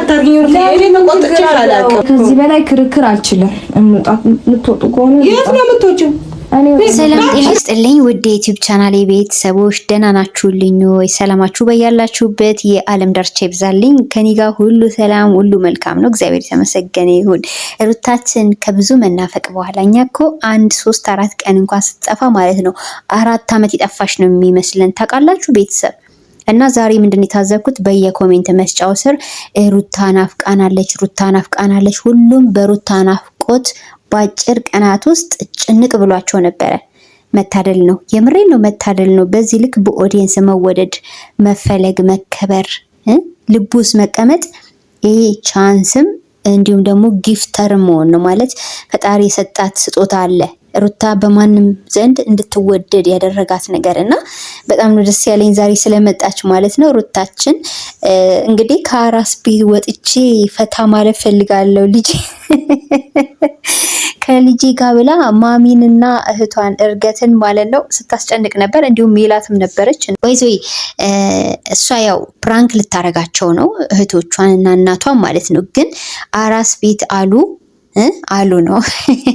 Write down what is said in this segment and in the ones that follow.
አታርጊኝ። ከዚህ በላይ ክርክር አልችልም። የምትወጡ ከሆነ የት ነው የምትወጪው? ሰላም ጤና ይስጥልኝ ውድ የዩቲዩብ ቻናል ቤተሰቦች ደህና ናችሁልኝ ወይ? ሰላማችሁ በያላችሁበት የዓለም ዳርቻ ይብዛልኝ። ከኔ ጋር ሁሉ ሰላም፣ ሁሉ መልካም ነው። እግዚአብሔር የተመሰገነ ይሁን። ሩታችን ከብዙ መናፈቅ በኋላ እኛ እኮ አንድ ሶስት አራት ቀን እንኳን ስትጠፋ ማለት ነው አራት ዓመት የጠፋሽ ነው የሚመስለን ታውቃላችሁ ቤተሰብ እና ዛሬ ምንድን የታዘብኩት በየኮሜንት መስጫው ስር ሩታ ናፍቃናለች፣ ሩታ ናፍቃናለች። ሁሉም በሩታ ናፍቆት በአጭር ቀናት ውስጥ ጭንቅ ብሏቸው ነበረ። መታደል ነው፣ የምሬ ነው፣ መታደል ነው። በዚህ ልክ በኦዲየንስ መወደድ፣ መፈለግ፣ መከበር፣ ልብ ውስጥ መቀመጥ ይሄ ቻንስም እንዲሁም ደግሞ ጊፍተር መሆን ነው ማለት ፈጣሪ የሰጣት ስጦታ አለ። ሩታ በማንም ዘንድ እንድትወደድ ያደረጋት ነገር እና በጣም ነው ደስ ያለኝ ዛሬ ስለመጣች ማለት ነው። ሩታችን እንግዲህ ከአራስ ቤት ወጥቼ ፈታ ማለት ፈልጋለሁ ልጅ ከልጄ ጋር ብላ ማሚንና እህቷን እርገትን ማለት ነው ስታስጨንቅ ነበር። እንዲሁም ሜላትም ነበረች። ወይዘ እሷ ያው ፕራንክ ልታረጋቸው ነው እህቶቿን እና እናቷን ማለት ነው። ግን አራስ ቤት አሉ አሉ ነው።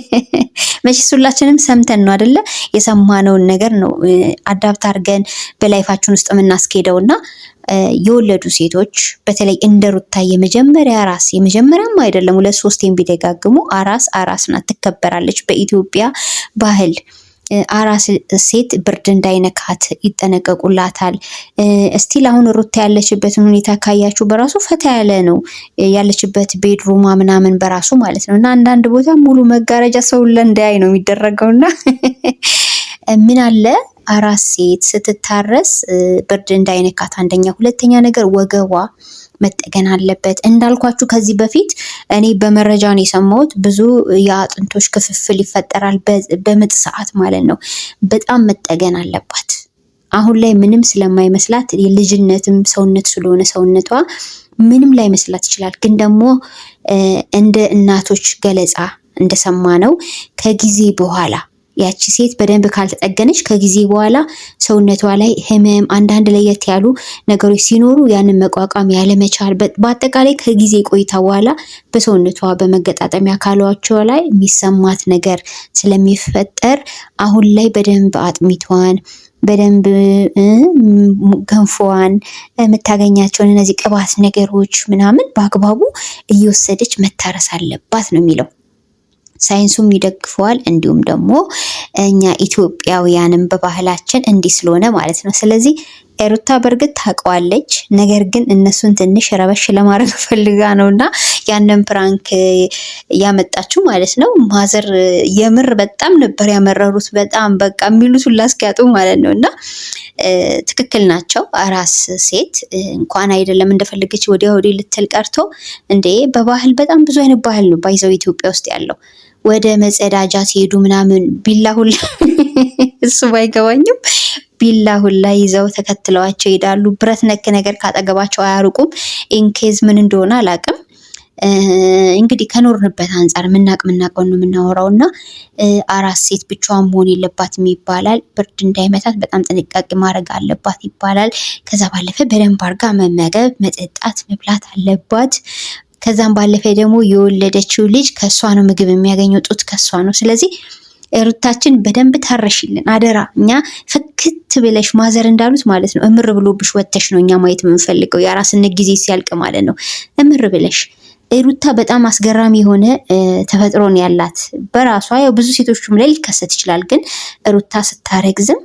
መቼስ ሁላችንም ሰምተን ነው አይደለ? የሰማነውን ነገር ነው አዳብት አድርገን በላይፋችን ውስጥ የምናስኬደው እና የወለዱ ሴቶች በተለይ እንደ ሩታ የመጀመሪያ አራስ የመጀመሪያም አይደለም ሁለት ሶስቴም ቢደጋግሙ አራስ አራስ ናት፣ ትከበራለች በኢትዮጵያ ባህል አራስ ሴት ብርድ እንዳይነካት ይጠነቀቁላታል። እስቲል አሁን ሩታ ያለችበትን ሁኔታ ካያችሁ በራሱ ፈታ ያለ ነው ያለችበት ቤድሩማ ምናምን በራሱ ማለት ነው እና አንዳንድ ቦታ ሙሉ መጋረጃ ሰው ለእንዳያይ ነው የሚደረገውና ምን አለ አራስ ሴት ስትታረስ ብርድ እንዳይነካት አንደኛ፣ ሁለተኛ ነገር ወገቧ መጠገን አለበት። እንዳልኳችሁ ከዚህ በፊት እኔ በመረጃ ነው የሰማሁት፣ ብዙ የአጥንቶች ክፍፍል ይፈጠራል በምጥ ሰዓት ማለት ነው። በጣም መጠገን አለባት። አሁን ላይ ምንም ስለማይመስላት የልጅነትም ሰውነት ስለሆነ ሰውነቷ ምንም ላይ መስላት ይችላል። ግን ደግሞ እንደ እናቶች ገለጻ እንደሰማ ነው ከጊዜ በኋላ ያቺ ሴት በደንብ ካልተጠገነች ከጊዜ በኋላ ሰውነቷ ላይ ህመም፣ አንዳንድ ለየት ያሉ ነገሮች ሲኖሩ ያንን መቋቋም ያለመቻል፣ በአጠቃላይ ከጊዜ ቆይታ በኋላ በሰውነቷ በመገጣጠሚያ አካሏቸው ላይ የሚሰማት ነገር ስለሚፈጠር አሁን ላይ በደንብ አጥሚቷን በደንብ ገንፎዋን የምታገኛቸውን እነዚህ ቅባት ነገሮች ምናምን በአግባቡ እየወሰደች መታረስ አለባት ነው የሚለው። ሳይንሱም ይደግፈዋል። እንዲሁም ደግሞ እኛ ኢትዮጵያውያንም በባህላችን እንዲህ ስለሆነ ማለት ነው። ስለዚህ ሩታ በእርግጥ ታውቀዋለች፣ ነገር ግን እነሱን ትንሽ ረበሽ ለማድረግ ፈልጋ ነው እና ያንን ፕራንክ ያመጣችው ማለት ነው። ማዘር የምር በጣም ነበር ያመረሩት፣ በጣም በቃ የሚሉት ሁላ እስኪያጡ ማለት ነው። እና ትክክል ናቸው። አራስ ሴት እንኳን አይደለም እንደፈለገች ወዲያ ወዲህ ልትል ቀርቶ እንዴ፣ በባህል በጣም ብዙ አይነት ባህል ነው ባይዘው ኢትዮጵያ ውስጥ ያለው ወደ መጸዳጃ ሲሄዱ ምናምን ቢላ ሁላ እሱ ባይገባኝም ቢላ ሁላ ይዘው ተከትለዋቸው ይሄዳሉ። ብረት ነክ ነገር ካጠገባቸው አያርቁም። ኢንኬዝ ምን እንደሆነ አላቅም። እንግዲህ ከኖርንበት አንጻር ምናቅ ምናቀው ነው የምናወራው እና አራስ ሴት ብቻዋን መሆን የለባትም ይባላል። ብርድ እንዳይመታት በጣም ጥንቃቄ ማድረግ አለባት ይባላል። ከዛ ባለፈ በደንብ አርጋ መመገብ፣ መጠጣት፣ መብላት አለባት። ከዛም ባለፈ ደግሞ የወለደችው ልጅ ከእሷ ነው ምግብ የሚያገኘው፣ ጡት ከእሷ ነው። ስለዚህ ሩታችን በደንብ ታረሽልን አደራ። እኛ ፍክት ብለሽ ማዘር እንዳሉት ማለት ነው እምር ብሎብሽ ወተሽ ነው እኛ ማየት የምንፈልገው የአራስነት ጊዜ ሲያልቅ ማለት ነው። እምር ብለሽ ሩታ በጣም አስገራሚ የሆነ ተፈጥሮን ያላት በራሷ ያው ብዙ ሴቶችም ላይ ሊከሰት ይችላል። ግን ሩታ ስታረግዝም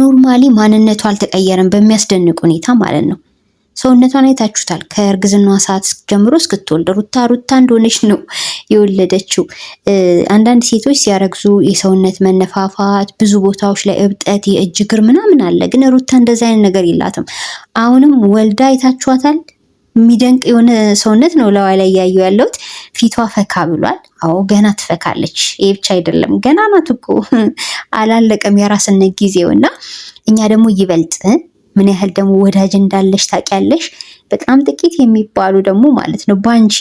ኖርማሊ ማንነቱ አልተቀየረም በሚያስደንቅ ሁኔታ ማለት ነው። ሰውነቷን አይታችሁታል። ከእርግዝና ሰዓት ጀምሮ እስክትወልድ ሩታ ሩታ እንደሆነች ነው የወለደችው። አንዳንድ ሴቶች ሲያረግዙ የሰውነት መነፋፋት፣ ብዙ ቦታዎች ላይ እብጠት፣ የእጅ እግር ምናምን አለ። ግን ሩታ እንደዚ አይነት ነገር የላትም። አሁንም ወልዳ አይታችኋታል። የሚደንቅ የሆነ ሰውነት ነው ለዋ ላይ እያየሁ ያለሁት። ፊቷ ፈካ ብሏል። አዎ ገና ትፈካለች። ይሄ ብቻ አይደለም፣ ገና ናት እኮ አላለቀም የራስነት ጊዜው እና እኛ ደግሞ ይበልጥ ምን ያህል ደግሞ ወዳጅ እንዳለሽ ታውቂያለሽ። በጣም ጥቂት የሚባሉ ደግሞ ማለት ነው ባንቺ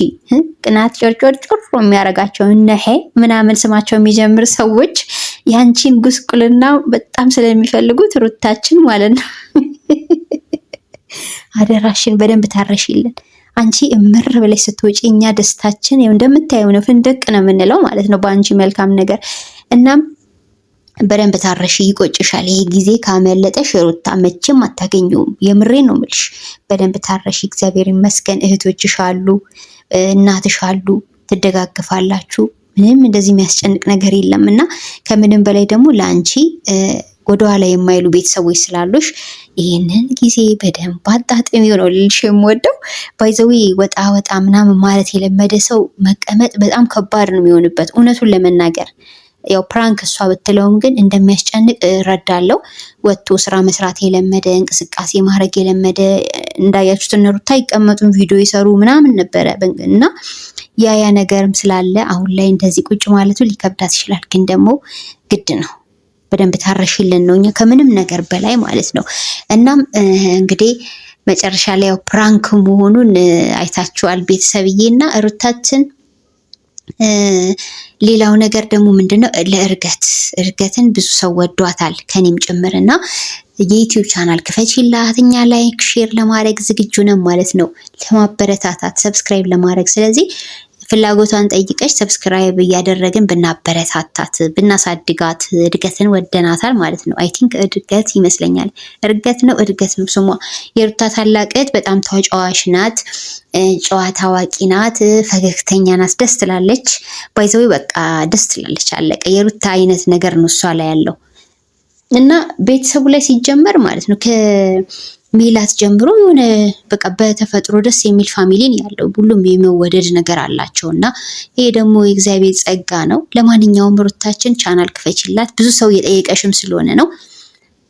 ቅናት ጮርጮር ጮር የሚያደርጋቸው እነሄ ምናምን ስማቸው የሚጀምር ሰዎች ያንቺን ጉስቁልና በጣም ስለሚፈልጉት ሩታችን ማለት ነው። አደራሽን በደንብ ታረሽልን። አንቺ እምር ብለሽ ስትወጪ እኛ ደስታችን እንደምታየው ነው፣ ፍንደቅ ነው የምንለው ማለት ነው በአንቺ መልካም ነገር እናም በደንብ ታረሽ፣ ይቆጭሻል። ይሄ ጊዜ ካመለጠሽ ሩታ መቼም አታገኘውም። የምሬ ነው ምልሽ። በደንብ ታረሽ። እግዚአብሔር ይመስገን እህቶችሽ አሉ፣ እናትሽ አሉ፣ ትደጋግፋላችሁ። ምንም እንደዚህ የሚያስጨንቅ ነገር የለም እና ከምንም በላይ ደግሞ ለአንቺ ወደኋላ የማይሉ ቤተሰቦች ስላሉሽ ይህንን ጊዜ በደንብ አጣጥሚ ነው ልልሽ የምወደው። ባይዘዊ ወጣ ወጣ ምናምን ማለት የለመደ ሰው መቀመጥ በጣም ከባድ ነው የሚሆንበት እውነቱን ለመናገር ያው ፕራንክ እሷ ብትለውም ግን እንደሚያስጨንቅ እረዳለሁ። ወጥቶ ስራ መስራት የለመደ እንቅስቃሴ ማድረግ የለመደ እንዳያችሁት እነ ሩታ ይቀመጡን ቪዲዮ ይሰሩ ምናምን ነበረ እና ያ ያ ነገርም ስላለ አሁን ላይ እንደዚህ ቁጭ ማለቱ ሊከብዳት ይችላል። ግን ደግሞ ግድ ነው። በደንብ ታረሽልን ነው እኛ ከምንም ነገር በላይ ማለት ነው። እናም እንግዲህ መጨረሻ ላይ ያው ፕራንክ መሆኑን አይታችኋል ቤተሰብዬ እና ሩታችን ሌላው ነገር ደግሞ ምንድነው ለእርገት እርገትን ብዙ ሰው ወዷታል ከኔም ጭምር እና የዩቲዩብ ቻናል ክፈችላት እኛ ላይክ ሼር ለማድረግ ዝግጁ ነን ማለት ነው ለማበረታታት ሰብስክራይብ ለማድረግ ስለዚህ ፍላጎቷን ጠይቀች ሰብስክራይብ እያደረግን ብናበረታታት ብናሳድጋት እድገትን ወደናታል ማለት ነው። አይ ቲንክ እድገት ይመስለኛል። እድገት ነው እድገት ነው ስሟ። የሩታ ታላቅት በጣም ተጫዋች ናት። ጨዋታ አዋቂ ናት። ፈገግተኛ ናት። ደስ ትላለች። ባይዘዊ በቃ ደስ ትላለች። አለቀ። የሩታ አይነት ነገር ነው እሷ ላይ ያለው እና ቤተሰቡ ላይ ሲጀመር ማለት ነው ሜላት ጀምሮ የሆነ በቃ በተፈጥሮ ደስ የሚል ፋሚሊ ነው ያለው። ሁሉም የመወደድ ነገር አላቸው እና ይሄ ደግሞ የእግዚአብሔር ጸጋ ነው። ለማንኛውም ሩታችን ቻናል ክፈችላት፣ ብዙ ሰው የጠየቀሽም ስለሆነ ነው።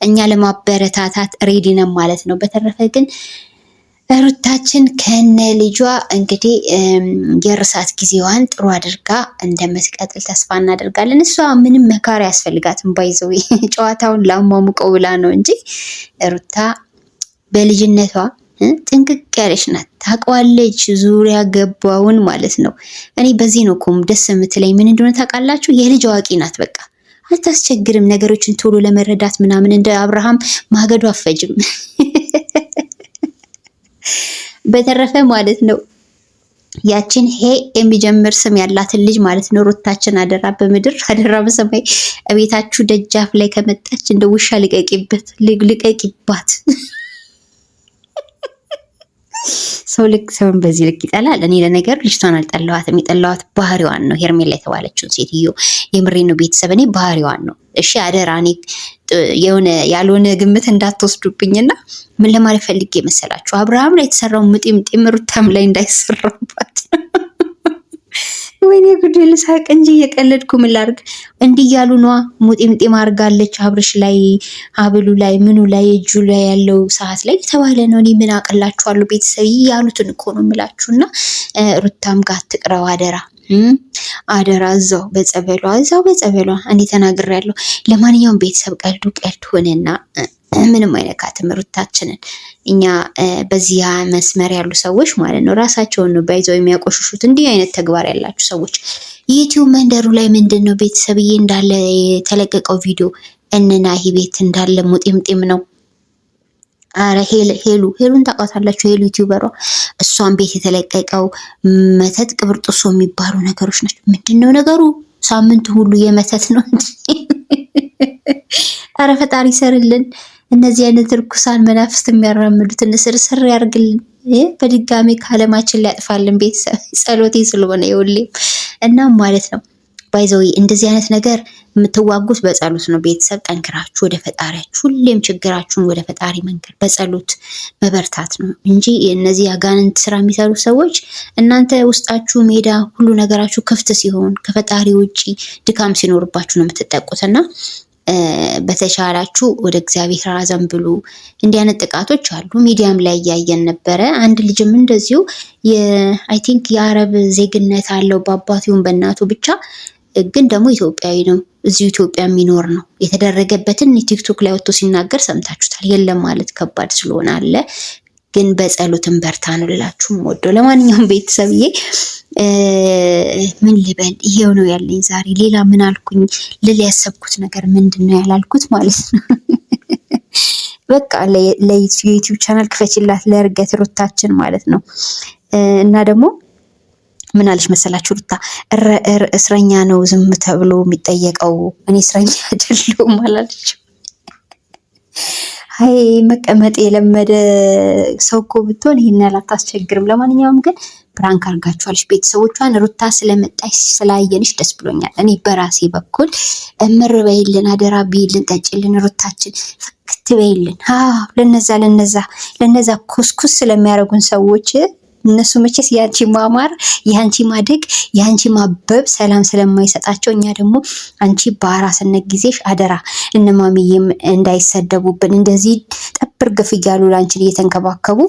እኛ ለማበረታታት ሬዲ ነን ማለት ነው። በተረፈ ግን ሩታችን ከነ ልጇ እንግዲህ የእርሳት ጊዜዋን ጥሩ አድርጋ እንደምትቀጥል ተስፋ እናደርጋለን። እሷ ምንም መካሪ ያስፈልጋትም ባይዘው ጨዋታውን ላሟሙቀው ብላ ነው እንጂ ሩታ በልጅነቷ ጥንቅቅ ያለች ናት። ታውቀዋለች ዙሪያ ገባውን ማለት ነው። እኔ በዚህ ነው እኮም ደስ የምትለኝ። ምን እንደሆነ ታውቃላችሁ? የልጅ አዋቂ ናት። በቃ አታስቸግርም። ነገሮችን ቶሎ ለመረዳት ምናምን እንደ አብርሃም ማገዶ አፈጅም። በተረፈ ማለት ነው ያችን ሄ የሚጀምር ስም ያላትን ልጅ ማለት ነው ሩታችን አደራ በምድር አደራ በሰማይ እቤታችሁ ደጃፍ ላይ ከመጣች እንደ ውሻ ልቀቂበት ልቀቂባት። ሰው ልክ ሰውን በዚህ ልክ ይጠላል። እኔ ለነገሩ ልጅቷን አልጠላዋትም። የጠላዋት ባህሪዋን ነው፣ ሄርሜላ የተባለችውን ሴትዮ። የምሬ ነው ቤተሰብ፣ እኔ ባህሪዋን ነው። እሺ አደራ፣ እኔ የሆነ ያልሆነ ግምት እንዳትወስዱብኝና ምን ለማለት ፈልጌ መሰላችሁ፣ አብርሃም ላይ የተሰራው ምጢም ሩታም ላይ እንዳይሰራባት ወይኔ ጉድ ልሳቅ እንጂ እየቀለድኩ ምን ላድርግ? እንዲህ እያሉ ነዋ። ሙጢምጢም አድርጋለች አብርሽ ላይ አብሉ ላይ ምኑ ላይ እጁ ላይ ያለው ሰዓት ላይ የተባለ ነው። እኔ ምን አቅላችኋለሁ ቤተሰብ ያሉትን እኮ ነው የምላችሁ። እና ሩታም ጋር ትቅረው አደራ አደራ እዛው በጸበሏ እዛው በጸበሏ እኔ ተናግሬያለሁ። ለማንኛውም ቤተሰብ ቀልዱ ቀልድ ሆነና ምንም አይነካትም ሩታችንን። እኛ በዚህ መስመር ያሉ ሰዎች ማለት ነው ራሳቸውን ነው ባይዘው የሚያቆሽሹት። እንዲህ አይነት ተግባር ያላችሁ ሰዎች ዩቲዩብ መንደሩ ላይ ምንድን ነው ቤተሰብዬ እንዳለ የተለቀቀው ቪዲዮ እንናሂ ቤት እንዳለ ሙጢምጢም ነው። አረ ሄሉ ሄሉ ሄሉን ታውቃታላችሁ? ሄሉ ዩቲዩበሯ እሷን ቤት የተለቀቀው መተት ቅብርጥሶ የሚባሉ ነገሮች ናቸው። ምንድን ነው ነገሩ? ሳምንቱ ሁሉ የመተት ነው። አረ ፈጣሪ ይሰርልን። እነዚህ አይነት ርኩሳን መናፍስት የሚያራምዱትን እስር ያርግልን፣ በድጋሚ ከአለማችን ሊያጥፋልን። ቤተሰብ ጸሎቴ ስለሆነ የሁሌም እናም ማለት ነው ባይዘዊ እንደዚህ አይነት ነገር የምትዋጉት በጸሎት ነው። ቤተሰብ ጠንክራችሁ ወደ ፈጣሪያችሁ፣ ሁሌም ችግራችሁን ወደ ፈጣሪ መንገድ በጸሎት መበርታት ነው እንጂ እነዚህ አጋንንት ስራ የሚሰሩ ሰዎች እናንተ ውስጣችሁ ሜዳ ሁሉ ነገራችሁ ክፍት ሲሆን ከፈጣሪ ውጪ ድካም ሲኖርባችሁ ነው የምትጠቁት እና በተቻላችሁ ወደ እግዚአብሔር አዘንብሉ። እንዲህ አይነት ጥቃቶች አሉ፣ ሚዲያም ላይ እያየን ነበረ። አንድ ልጅም እንደዚሁ አይ ቲንክ የአረብ ዜግነት አለው በአባቱም በእናቱ ብቻ ግን ደግሞ ኢትዮጵያዊ ነው፣ እዚሁ ኢትዮጵያ የሚኖር ነው። የተደረገበትን ቲክቶክ ላይ ወጥቶ ሲናገር ሰምታችሁታል። የለም ማለት ከባድ ስለሆነ አለ ግን በጸሎትን በርታ ነው ልላችሁ ወደው። ለማንኛውም ቤተሰብዬ ምን ልበል፣ ይሄው ነው ያለኝ ዛሬ። ሌላ ምን አልኩኝ ልል ያሰብኩት ነገር ምንድን ነው ያላልኩት ማለት ነው። በቃ ለዩቲዩብ ቻናል ክፈችላት ለእርገት ሩታችን ማለት ነው። እና ደግሞ ምን አለች መሰላችሁ ሩታ እስረኛ ነው ዝም ተብሎ የሚጠየቀው እኔ እስረኛ አይደለሁም አላለችም። አይ መቀመጥ የለመደ ሰው እኮ ብትሆን ይህን ያህል አታስቸግርም። ለማንኛውም ግን ፕራንክ አድርጋችኋልሽ ቤተሰቦቿን። ሩታ ስለመጣች ስላየንሽ ደስ ብሎኛል። እኔ በራሴ በኩል እምር በይልን፣ አደራ ብይልን፣ ጠጭልን፣ ሩታችን ፍክት በይልን። ለነዛ ለነዛ ለነዛ ኩስኩስ ስለሚያደርጉን ሰዎች እነሱ መቼስ የአንቺ ማማር የአንቺ ማደግ የአንቺ ማበብ ሰላም ስለማይሰጣቸው እኛ ደግሞ አንቺ በአራስነት ጊዜሽ አደራ እነማሚዬም እንዳይሰደቡብን እንደዚህ ጠብር ግፍ እያሉ ለአንቺን እየተንከባከቡ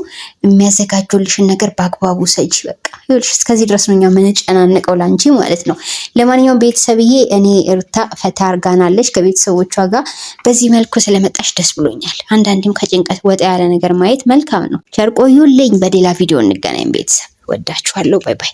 የሚያዘጋጁልሽን ነገር በአግባቡ ሰጂ። በቃ ይኸውልሽ እስከዚህ ድረስ ነው እኛ ምንጨናንቀው ለአንቺ ማለት ነው። ለማንኛውም ቤተሰብዬ እኔ ሩታ ፈታ አርጋናለች ከቤተሰቦቿ ጋር በዚህ መልኩ ስለመጣሽ ደስ ብሎኛል። አንዳንዴም ከጭንቀት ወጣ ያለ ነገር ማየት መልካም ነው። ቸርቆዩልኝ ቆዩልኝ። በሌላ ቪዲዮ እንገናኝ። ቤተሰብ ወዳችኋለሁ። ባይ ባይ።